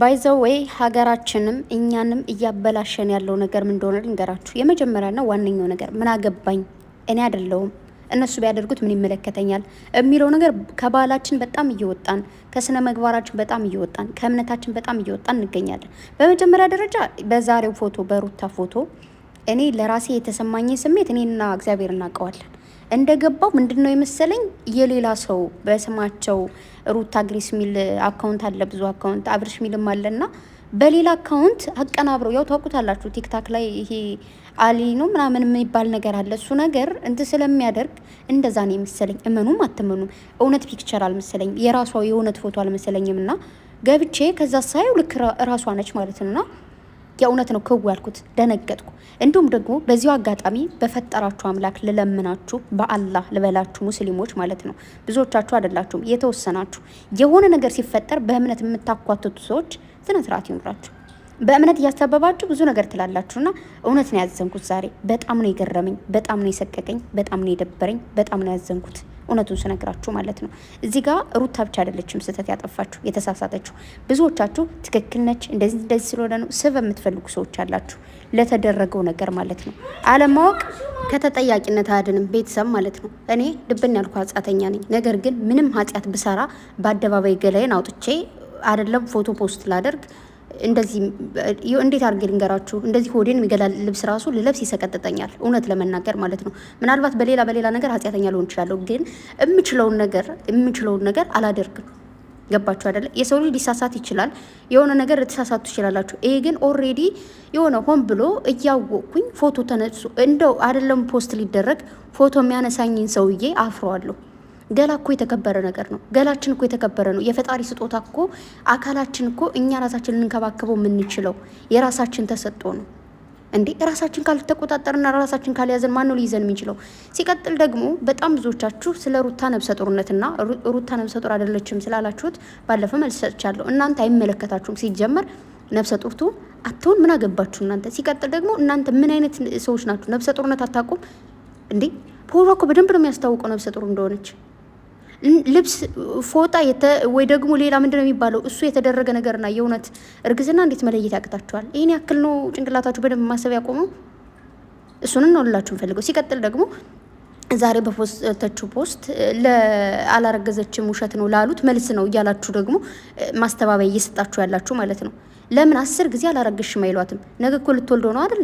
ባይዘው ሀገራችንም እኛንም እያበላሸን ያለው ነገር ምን እንደሆነ ልንገራችሁ። የመጀመሪያና ዋነኛው ነገር ምን አገባኝ እኔ አይደለውም እነሱ ቢያደርጉት ምን ይመለከተኛል የሚለው ነገር ከባህላችን በጣም እየወጣን ከስነ ምግባራችን በጣም እየወጣን ከእምነታችን በጣም እየወጣን እንገኛለን። በመጀመሪያ ደረጃ በዛሬው ፎቶ በሩታ ፎቶ እኔ ለራሴ የተሰማኝ ስሜት እኔና እግዚአብሔር እናውቀዋለን። እንደገባው ምንድን ነው የመሰለኝ የሌላ ሰው በስማቸው ሩታ ግሪስ ሚል አካውንት አለ፣ ብዙ አካውንት አብርሽ ሚልም አለና በሌላ አካውንት አቀናብረው ያው ታውቁታላችሁ፣ ቲክታክ ላይ ይሄ አሊ ነው ምናምን የሚባል ነገር አለ። እሱ ነገር እንት ስለሚያደርግ እንደዛ ነው የመሰለኝ። እመኑም አትመኑም እውነት ፒክቸር አልመሰለኝም የራሷ የእውነት ፎቶ አልመሰለኝም። እና ገብቼ ከዛ ሳየው ልክ ራሷ ነች ማለት ነውና የእውነት ነው ክው ያልኩት ደነገጥኩ። እንዲሁም ደግሞ በዚሁ አጋጣሚ በፈጠራችሁ አምላክ ልለምናችሁ፣ በአላህ ልበላችሁ ሙስሊሞች ማለት ነው። ብዙዎቻችሁ አይደላችሁም፣ የተወሰናችሁ የሆነ ነገር ሲፈጠር በእምነት የምታኳትቱ ሰዎች ስነ ስርዓት ይኑራችሁ። በእምነት እያስተበባችሁ ብዙ ነገር ትላላችሁና እውነት ነው ያዘንኩት ዛሬ። በጣም ነው የገረመኝ፣ በጣም ነው የሰቀቀኝ፣ በጣም ነው የደበረኝ፣ በጣም ነው ያዘንኩት። እውነቱን ስነግራችሁ ማለት ነው። እዚህ ጋር ሩታ ብቻ አይደለችም ስህተት ያጠፋችሁ የተሳሳተችሁ። ብዙዎቻችሁ ትክክል ነች እንደዚህ እንደዚህ ስለሆነ ነው ስብ የምትፈልጉ ሰዎች አላችሁ፣ ለተደረገው ነገር ማለት ነው። አለማወቅ ከተጠያቂነት አያድንም ቤተሰብ ማለት ነው። እኔ ድብን ያልኩ ኃጢአተኛ ነኝ። ነገር ግን ምንም ኃጢአት ብሰራ በአደባባይ ገላይን አውጥቼ አይደለም ፎቶ ፖስት ላደርግ እንደዚህ እንዴት አድርጌ ልንገራችሁ? እንደዚህ ሆዴን የሚገላ ልብስ ራሱ ልለብስ ይሰቀጥጠኛል፣ እውነት ለመናገር ማለት ነው። ምናልባት በሌላ በሌላ ነገር ኃጢአተኛ ልሆን እችላለሁ፣ ግን የምችለውን ነገር የምችለውን ነገር አላደርግም። ገባችሁ አይደለ? የሰው ልጅ ሊሳሳት ይችላል፣ የሆነ ነገር ልትሳሳቱ ትችላላችሁ። ይሄ ግን ኦሬዲ የሆነ ሆን ብሎ እያወቅኩኝ ፎቶ ተነሱ እንደው አይደለም ፖስት ሊደረግ ፎቶ የሚያነሳኝን ሰውዬ አፍረዋለሁ። ገላ እኮ የተከበረ ነገር ነው። ገላችን እኮ የተከበረ ነው። የፈጣሪ ስጦታ እኮ አካላችን እኮ እኛ ራሳችን ልንከባከበው የምንችለው የራሳችን ተሰጦ ነው እንዴ። ራሳችን ካልተቆጣጠርና ራሳችን ካልያዘን ማን ነው ሊይዘን የሚችለው? ሲቀጥል ደግሞ በጣም ብዙዎቻችሁ ስለ ሩታ ነብሰ ጡርነትና ሩታ ነብሰ ጡር አይደለችም ስላላችሁት ባለፈ መልስ ሰጥቻለሁ። እናንተ አይመለከታችሁም። ሲጀመር ነብሰ ጡርቱ አትሆን ምን አገባችሁ እናንተ። ሲቀጥል ደግሞ እናንተ ምን አይነት ሰዎች ናችሁ? ነብሰ ጡርነት አታውቁም እንዴ? ፖሯ እኮ በደንብ ነው የሚያስታውቀው ነብሰ ጡር እንደሆነች። ልብስ፣ ፎጣ ወይ ደግሞ ሌላ ምንድን ነው የሚባለው እሱ የተደረገ ነገርና የእውነት እርግዝና እንዴት መለየት ያቅታችኋል? ይህን ያክል ነው ጭንቅላታችሁ በደንብ ማሰብ ያቆመው? እሱን ነው ልላችሁ ሲቀጥል ደግሞ ዛሬ በፖስተችው ፖስት ለአላረገዘችም ውሸት ነው ላሉት መልስ ነው እያላችሁ ደግሞ ማስተባበያ እየሰጣችሁ ያላችሁ ማለት ነው። ለምን አስር ጊዜ አላረገዝሽም አይሏትም? ነገ እኮ ልትወልድ ነው አይደል?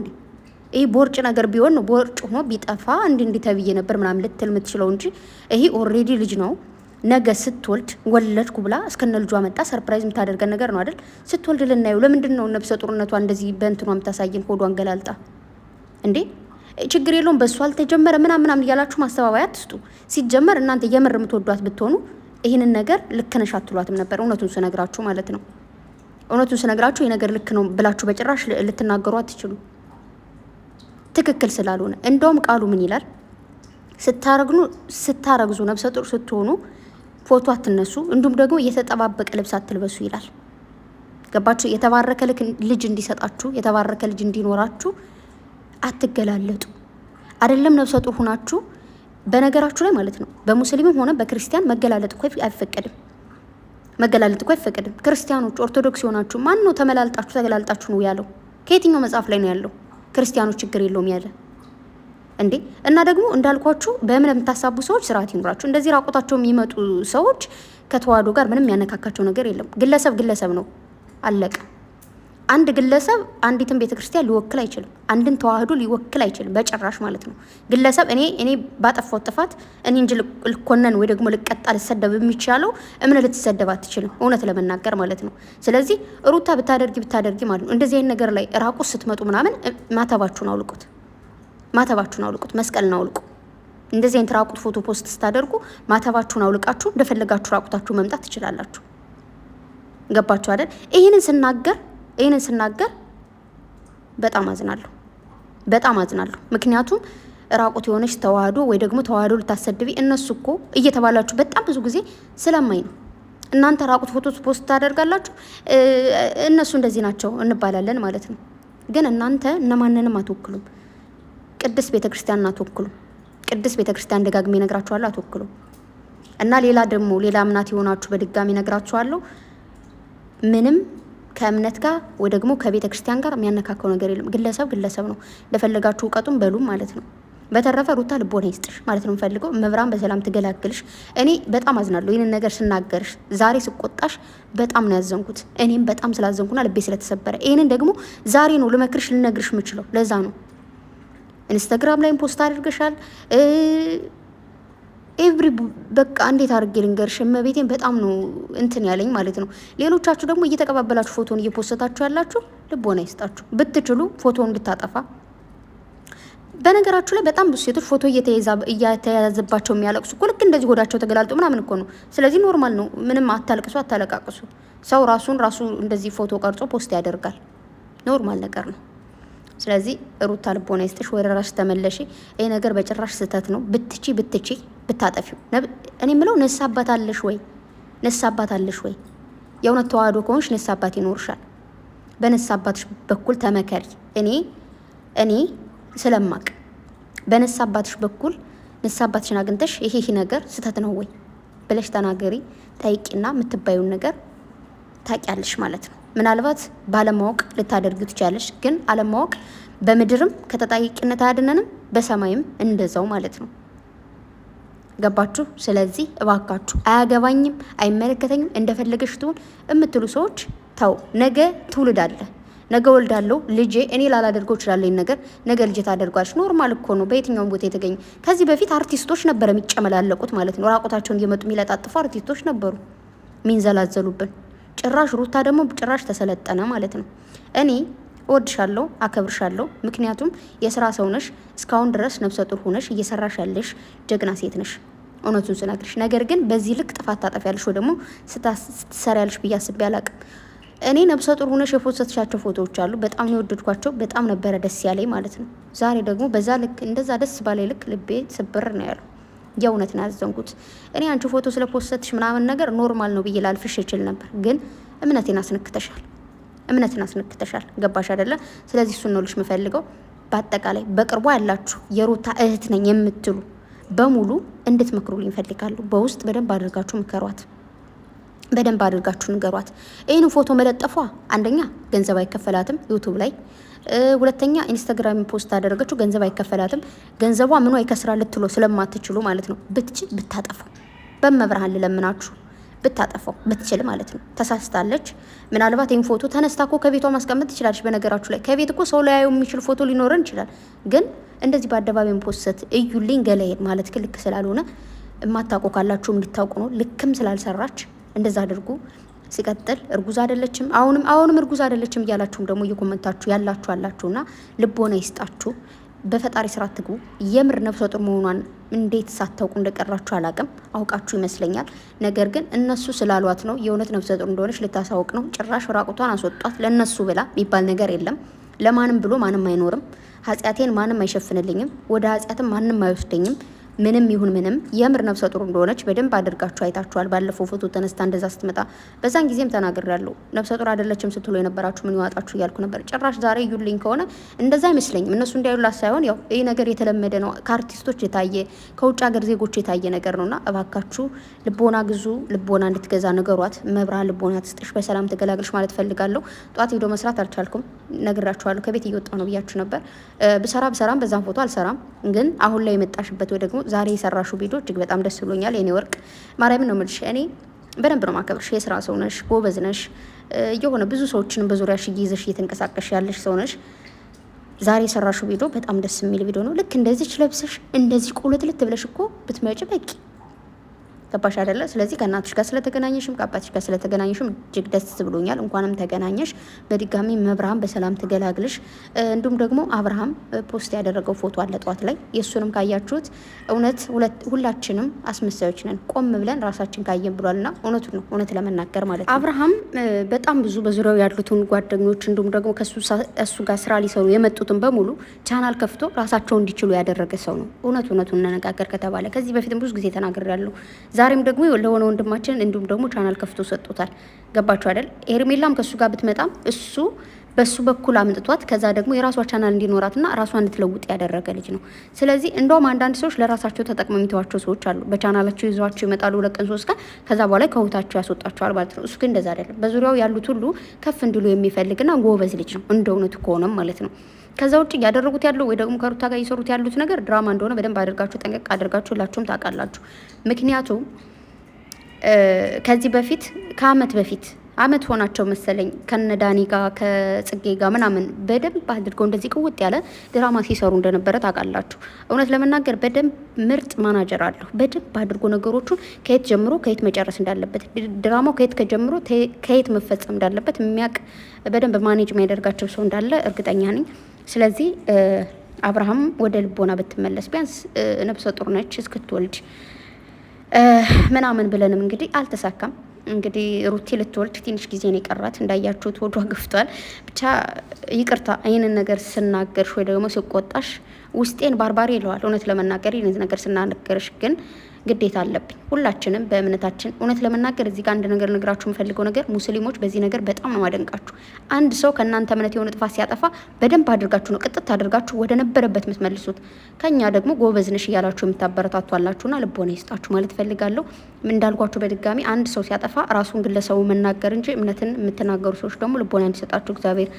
ይህ ቦርጭ ነገር ቢሆን ነው ቦርጭ ሆኖ ቢጠፋ እንዲ እንዲ ተብዬ ነበር ምናምን ልትል የምትችለው እንጂ ይሄ ኦልሬዲ ልጅ ነው። ነገ ስትወልድ ወለድኩ ብላ እስከነ ልጇ መጣ ሰርፕራይዝ የምታደርገን ነገር ነው አይደል? ስትወልድ ልናየው። ለምንድን ነው ነብሰ ጡርነቷ እንደዚህ በእንትኗ የምታሳየን? ሆዷን ገላልጣ እንዴ ችግር የለውም በእሱ አልተጀመረ ምናምን ምናምን እያላችሁ ማስተባበያ አትስጡ። ሲጀመር እናንተ የምር የምትወዷት ብትሆኑ ይህንን ነገር ልክ ነሽ አትሏትም ነበር። እውነቱን ስነግራችሁ ማለት ነው። እውነቱን ስነግራችሁ ይህ ነገር ልክ ነው ብላችሁ በጭራሽ ልትናገሩ አትችሉ። ትክክል ስላልሆነ እንደውም ቃሉ ምን ይላል? ስታረግኑ ስታረግዙ ነብሰ ጡር ስትሆኑ ፎቶ አትነሱ፣ እንዲሁም ደግሞ የተጠባበቀ ልብስ አትልበሱ ይላል። ገባችሁ? የተባረከ ልጅ እንዲሰጣችሁ የተባረከ ልጅ እንዲኖራችሁ አትገላለጡ። አይደለም ነብሰ ጡር ሆናችሁ በነገራችሁ ላይ ማለት ነው። በሙስሊምም ሆነ በክርስቲያን መገላለጥ እኮ አይፈቀድም። መገላለጥ እኮ አይፈቀድም። ክርስቲያኖች ኦርቶዶክስ የሆናችሁ ማን ነው ተመላልጣችሁ ተገላልጣችሁ ነው ያለው? ከየትኛው መጽሐፍ ላይ ነው ያለው? ክርስቲያኖች ችግር የለውም ያለ እንዴ እና ደግሞ እንዳልኳችሁ በእምነት የምታሳቡ ሰዎች ስርዓት ይኑራችሁ። እንደዚህ ራቆታቸው የሚመጡ ሰዎች ከተዋህዶ ጋር ምንም ያነካካቸው ነገር የለም። ግለሰብ ግለሰብ ነው፣ አለቀ። አንድ ግለሰብ አንዲትን ቤተ ክርስቲያን ሊወክል አይችልም። አንድን ተዋህዶ ሊወክል አይችልም በጭራሽ ማለት ነው። ግለሰብ እኔ እኔ ባጠፋው ጥፋት እኔ እንጂ ልኮነን ወይ ደግሞ ልቀጣ ልሰደብ የሚቻለው እምነ ልትሰደብ አትችልም፣ እውነት ለመናገር ማለት ነው። ስለዚህ ሩታ ብታደርጊ ብታደርጊ ማለት ነው እንደዚህ አይነት ነገር ላይ ራቁ ስትመጡ ምናምን ማተባችሁን አውልቁት፣ ማተባችሁን አውልቁት፣ መስቀልን አውልቁ። እንደዚህ አይነት ራቁት ፎቶ ፖስት ስታደርጉ ማተባችሁን አውልቃችሁ እንደፈለጋችሁ ራቁታችሁ መምጣት ትችላላችሁ። ገባችሁ አይደል? ይህንን ስናገር ይህንን ስናገር በጣም አዝናለሁ፣ በጣም አዝናለሁ። ምክንያቱም ራቁት የሆነች ተዋህዶ ወይ ደግሞ ተዋህዶ ልታሰድቢ እነሱ እኮ እየተባላችሁ በጣም ብዙ ጊዜ ስለማይ ነው። እናንተ ራቁት ፎቶ ፖስት ታደርጋላችሁ፣ እነሱ እንደዚህ ናቸው እንባላለን ማለት ነው። ግን እናንተ እነማንንም አትወክሉም። ቅድስ ቤተክርስቲያንን አትወክሉም። ቅድስ ቤተክርስቲያን ደጋግሜ እነግራችኋለሁ፣ አትወክሉም። እና ሌላ ደግሞ ሌላ እምናት የሆናችሁ በድጋሚ እነግራችኋለሁ ምንም ከእምነት ጋር ወይ ደግሞ ከቤተ ክርስቲያን ጋር የሚያነካከው ነገር የለም። ግለሰብ ግለሰብ ነው። እንደፈለጋችሁ እውቀቱን በሉም ማለት ነው። በተረፈ ሩታ ልቦና ይስጥሽ ማለት ነው የምፈልገው። መብራን በሰላም ትገላግልሽ። እኔ በጣም አዝናለሁ ይህንን ነገር ስናገርሽ፣ ዛሬ ስቆጣሽ በጣም ነው ያዘንኩት። እኔም በጣም ስላዘንኩና ልቤ ስለተሰበረ ይህንን ደግሞ ዛሬ ነው ልመክርሽ ልነግርሽ የምችለው። ለዛ ነው ኢንስታግራም ላይም ፖስት አድርገሻል። ኤቭሪ በቃ እንዴት አድርጌ ልንገርሽ፣ እመቤቴን በጣም ነው እንትን ያለኝ ማለት ነው። ሌሎቻችሁ ደግሞ እየተቀባበላችሁ ፎቶን እየፖሰታችሁ ያላችሁ ልቦና ይስጣችሁ። ብትችሉ ፎቶን እንድታጠፋ በነገራችሁ ላይ በጣም ብዙ ሴቶች ፎቶ እየተያዘባቸው የሚያለቅሱ እኮ ልክ እንደዚህ ሆዳቸው ተገላልጦ ምናምን እኮ ነው። ስለዚህ ኖርማል ነው። ምንም አታልቅሱ፣ አታለቃቅሱ። ሰው ራሱን ራሱ እንደዚህ ፎቶ ቀርጾ ፖስት ያደርጋል። ኖርማል ነገር ነው። ስለዚህ ሩታ ልቦና ይስጥሽ፣ ወደ ራስሽ ይህ ነገር በጭራሽ ስህተት ነው። ብትቺ ብትቺ ብታጠፊው። እኔ ምለው ነፍስ አባት አለሽ ወይ? ነፍስ አባት አለሽ ወይ? የእውነት ተዋህዶ ከሆንሽ ነፍስ አባት ይኖርሻል። በነፍስ አባትሽ በኩል ተመከሪ። እኔ እኔ ስለማቅ በነሳባትሽ አባትሽ በኩል ነፍስ አባትሽን አግኝተሽ ይሄ ይሄ ነገር ስህተት ነው ወይ ብለሽ ተናገሪ። ጠይቂና የምትባዩን ነገር ታውቂያለሽ ማለት ነው። ምናልባት ባለማወቅ ልታደርጊ ትችያለሽ፣ ግን አለማወቅ በምድርም ከተጠያቂነት አያድነንም፣ በሰማይም እንደዛው ማለት ነው። ገባችሁ? ስለዚህ እባካችሁ አያገባኝም፣ አይመለከተኝም፣ እንደፈለገሽ ትሁን የምትሉ ሰዎች ተው። ነገ ትውልድ አለ። ነገ ወልዳለሁ፣ ልጄ እኔ ላላደርገው እችላለሁ ነገር፣ ነገ ልጄ ታደርጓለች። ኖርማል እኮ ነው በየትኛውም ቦታ የተገኘ። ከዚህ በፊት አርቲስቶች ነበረ የሚጨመላለቁት ማለት ነው። ራቆታቸውን እየመጡ የሚለጣጥፉ አርቲስቶች ነበሩ የሚንዘላዘሉብን። ጭራሽ ሩታ ደግሞ ጭራሽ ተሰለጠነ ማለት ነው። እኔ እወድሻለሁ፣ አከብርሻለሁ። ምክንያቱም የስራ ሰው ነሽ። እስካሁን ድረስ ነፍሰ ጡር ሆነሽ እየሰራሽ ያለሽ ጀግና ሴት ነሽ። እውነቱን ስነግርሽ። ነገር ግን በዚህ ልክ ጥፋት ታጠፊያለሽ ወይ ደግሞ ስትሰሪያለሽ ብዬ አስቤ አላቅም። እኔ ነብሰ ጡር ሆነሽ የፎሰትሻቸው ፎቶዎች አሉ። በጣም የወደድኳቸው። በጣም ነበረ ደስ ያለኝ ማለት ነው። ዛሬ ደግሞ በዛ ልክ እንደዛ ደስ ባላይ ልክ ልቤ ስብር ነው ያለው። የእውነት ነው ያዘንኩት። እኔ አንቺ ፎቶ ስለ ፖስተሽ ምናምን ነገር ኖርማል ነው ብዬ ላልፍሽ ይችል ነበር፣ ግን እምነቴን አስነክተሻል። እምነትን አስነክተሻል። ገባሽ አይደለ? ስለዚህ እሱን ነው ልሽ የምፈልገው። በአጠቃላይ በቅርቡ ያላችሁ የሩታ እህት ነኝ የምትሉ በሙሉ እንድትመክሩልኝ እፈልጋለሁ። በውስጥ በደንብ አድርጋችሁ ምከሯት፣ በደንብ አድርጋችሁ ንገሯት። ይህን ፎቶ መለጠፏ አንደኛ ገንዘብ አይከፈላትም ዩቱብ ላይ፣ ሁለተኛ ኢንስታግራም ፖስት አደረገችው ገንዘብ አይከፈላትም። ገንዘቧ ምኗ ይከስራ ልትሎ ስለማትችሉ ማለት ነው። ብትችል ብታጠፋው በመብርሃን ልለምናችሁ ብታጠፋው ብትችል ማለት ነው። ተሳስታለች። ምናልባት ይህን ፎቶ ተነስታ እኮ ከቤቷ ማስቀመጥ ትችላለች። በነገራችሁ ላይ ከቤት እኮ ሰው ሊያየው የሚችል ፎቶ ሊኖረን ይችላል ግን እንደዚህ በአደባባይም ፖሰት እዩልኝ ገለየን ማለት ግን ልክ ስላልሆነ የማታውቁ ካላችሁ እንድታውቁ ነው። ልክም ስላልሰራች እንደዛ አድርጉ። ሲቀጥል እርጉዝ አይደለችም፣ አሁንም አሁንም እርጉዝ አይደለችም እያላችሁም ደግሞ እየኮመንታችሁ ያላችሁ አላችሁና ልቦና ይስጣችሁ። በፈጣሪ ስራ አትግቡ። የምር ነፍሰ ጡር መሆኗን እንዴት ሳታውቁ እንደቀራችሁ አላቅም፣ አውቃችሁ ይመስለኛል። ነገር ግን እነሱ ስላሏት ነው። የእውነት ነፍሰ ጡር እንደሆነች ልታሳውቅ ነው። ጭራሽ ራቁቷን አስወጧት ለእነሱ ብላ የሚባል ነገር የለም። ለማንም ብሎ ማንም አይኖርም። ኃጢአቴን ማንም አይሸፍንልኝም፣ ወደ ኃጢአትም ማንም አይወስደኝም። ምንም ይሁን ምንም የምር ነፍሰ ጡር እንደሆነች በደንብ አድርጋችሁ አይታችኋል። ባለፈው ፎቶ ተነስታ እንደዛ ስትመጣ በዛን ጊዜም ተናግሬያለሁ። ነፍሰ ጡር አይደለችም ስትሉ የነበራችሁ ምን ይዋጣችሁ እያልኩ ነበር። ጭራሽ ዛሬ እዩልኝ ከሆነ እንደዛ አይመስለኝም። እነሱ እንዳይሉላት ሳይሆን ያው ይህ ነገር የተለመደ ነው፣ ከአርቲስቶች የታየ ከውጭ ሀገር ዜጎች የታየ ነገር ነውና እባካችሁ ልቦና ግዙ፣ ልቦና እንድትገዛ ነገሯት። መብራ ልቦና ትስጥሽ፣ በሰላም ትገላግልሽ ማለት ፈልጋለሁ። ጠዋት ሄዶ መስራት አልቻልኩም፣ ነግራችኋለሁ። ከቤት እየወጣሁ ነው ብያችሁ ነበር። ብሰራ ብሰራም በዛም ፎቶ አልሰራም። ግን አሁን ላይ የመጣሽበት ወይ ደግሞ ዛሬ የሰራሹ ቪዲዮ እጅግ በጣም ደስ ብሎኛል። የኔ ወርቅ ማርያም ነው የምልሽ። እኔ በደንብ ነው ማከብርሽ። የስራ ሰው ነሽ፣ ጎበዝ ነሽ። የሆነ ብዙ ሰዎችን ሽ ይዘሽ እየተንቀሳቀሽ ያለሽ ሰው ነሽ። ዛሬ የሰራሹ ቪዲዮ በጣም ደስ የሚል ቪዲዮ ነው። ልክ እንደዚች ለብሰሽ እንደዚህ ቁልት ልት ብለሽ እኮ ብትመጭ በቂ ገባሽ አይደለ? ስለዚህ ከእናትሽ ጋር ስለተገናኘሽም ከአባትሽ ጋር ስለተገናኘሽም እጅግ ደስ ብሎኛል። እንኳንም ተገናኘሽ። በድጋሚ መብርሃም በሰላም ትገላግልሽ። እንዲሁም ደግሞ አብርሃም ፖስት ያደረገው ፎቶ አለ ጠዋት ላይ የእሱንም ካያችሁት እውነት ሁላችንም አስመሳዮች ነን፣ ቆም ብለን ራሳችን ካየን ብሏልና እውነቱ ነው። እውነት ለመናገር ማለት ነው አብርሃም በጣም ብዙ በዙሪያው ያሉትን ጓደኞች እንዲሁም ደግሞ ከእሱ ጋር ስራ ሊሰሩ የመጡትን በሙሉ ቻናል ከፍቶ ራሳቸው እንዲችሉ ያደረገ ሰው ነው። እውነት እውነቱን እንነጋገር ከተባለ ከዚህ በፊትም ብዙ ጊዜ ተናግሬያለሁ። ዛሬም ደግሞ ለሆነ ወንድማችን እንዲሁም ደግሞ ቻናል ከፍቶ ሰጥቶታል። ገባችሁ አይደል? ኤርሜላም ከእሱ ጋር ብትመጣም እሱ በሱ በኩል አምጥቷት ከዛ ደግሞ የራሷ ቻናል እንዲኖራትና ራሷ እንድትለውጥ ያደረገ ልጅ ነው። ስለዚህ እንደውም አንዳንድ ሰዎች ለራሳቸው ተጠቅመው የሚተዋቸው ሰዎች አሉ። በቻናላቸው ይዟቸው ይመጣሉ፣ ሁለት ቀን ሶስት ቀን፣ ከዛ በኋላ ከሁታቸው ያስወጣቸዋል ማለት ነው። እሱ ግን እንደዛ አይደለም። በዙሪያው ያሉት ሁሉ ከፍ እንዲሉ የሚፈልግና ጎበዝ ልጅ ነው እንደ እውነቱ ከሆነም ማለት ነው። ከዛ ውጭ እያደረጉት ያለው ወይ ደግሞ ከሩታ ጋር እየሰሩት ያሉት ነገር ድራማ እንደሆነ በደንብ አድርጋችሁ ጠንቀቅ አድርጋችሁ ሁላችሁም ታውቃላችሁ። ምክንያቱም ከዚህ በፊት ከአመት በፊት አመት ሆናቸው መሰለኝ ከነ ዳኒ ጋር ከጽጌ ጋር ምናምን በደንብ አድርገው እንደዚህ ቅውጥ ያለ ድራማ ሲሰሩ እንደነበረ ታውቃላችሁ። እውነት ለመናገር በደንብ ምርጥ ማናጀር አለሁ። በደንብ አድርጎ ነገሮቹን ከየት ጀምሮ ከየት መጨረስ እንዳለበት፣ ድራማው ከየት ከጀምሮ ከየት መፈጸም እንዳለበት የሚያውቅ በደንብ ማኔጅ የሚያደርጋቸው ሰው እንዳለ እርግጠኛ ነኝ። ስለዚህ አብርሃም ወደ ልቦና ብትመለስ ቢያንስ ነብሰ ጡር ነች እስክትወልድ ምናምን ብለንም እንግዲህ አልተሳካም። እንግዲህ ሩቴ ልትወልድ ትንሽ ጊዜ ነው የቀራት። እንዳያችሁት ወዷ ገፍቷል። ብቻ ይቅርታ ይህንን ነገር ስናገርሽ ወይ ደግሞ ስቆጣሽ ውስጤን ባርባሪ ይለዋል። እውነት ለመናገር ይህንን ነገር ስናነገርሽ ግን ግዴታ አለብኝ። ሁላችንም በእምነታችን እውነት ለመናገር እዚህ ጋር አንድ ነገር ነግራችሁ የምፈልገው ነገር ሙስሊሞች፣ በዚህ ነገር በጣም ነው ማደንቃችሁ። አንድ ሰው ከእናንተ እምነት የሆነ ጥፋት ሲያጠፋ በደንብ አድርጋችሁ ነው ቅጥት አድርጋችሁ ወደ ነበረበት የምትመልሱት። ከኛ ደግሞ ጎበዝ ነሽ እያላችሁ የምታበረታቱ አላችሁና ልቦና ይስጣችሁ ማለት ፈልጋለሁ። እንዳልኳችሁ በድጋሚ አንድ ሰው ሲያጠፋ ራሱን ግለሰቡ መናገር እንጂ እምነትን የምትናገሩ ሰዎች ደግሞ ልቦና እንዲሰጣችሁ እግዚአብሔር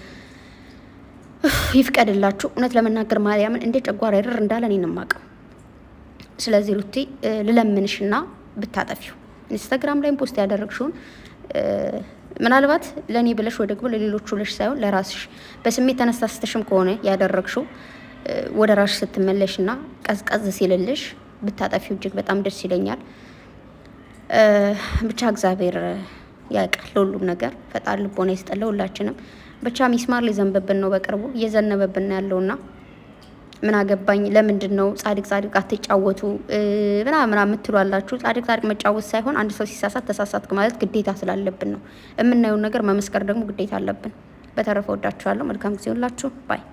ይፍቀድላችሁ። እውነት ለመናገር ማርያምን እንዴት ጨጓራ ይርር እንዳለ እኔ ነው የማውቀው። ስለዚህ ሩቲ ልለምንሽና ብታጠፊው ኢንስታግራም ላይም ፖስት ያደረግሽውን ምናልባት ለእኔ ብለሽ ወይ ደግሞ ለሌሎቹ ብለሽ ሳይሆን ለራስሽ በስሜት ተነሳስተሽም ከሆነ ያደረግሽው ወደ ራስሽ ስትመለሽና ቀዝቀዝ ሲልልሽ ብታጠፊው እጅግ በጣም ደስ ይለኛል። ብቻ እግዚአብሔር ያውቃል ለሁሉም ነገር። ፈጣሪ ልቦና ይስጠለ ሁላችንም ብቻ ሚስማር ሊዘንብብን ነው፣ በቅርቡ እየዘነበብን ያለውና ምን አገባኝ፣ ለምንድን ነው ጻድቅ ጻድቅ አትጫወቱ ምናምን የምትሉ አላችሁ። ጻድቅ ጻድቅ መጫወት ሳይሆን አንድ ሰው ሲሳሳት ተሳሳትክ ማለት ግዴታ ስላለብን ነው። የምናየውን ነገር መመስከር ደግሞ ግዴታ አለብን። በተረፈ ወዳችኋለሁ። መልካም ጊዜ ሁላችሁ ባይ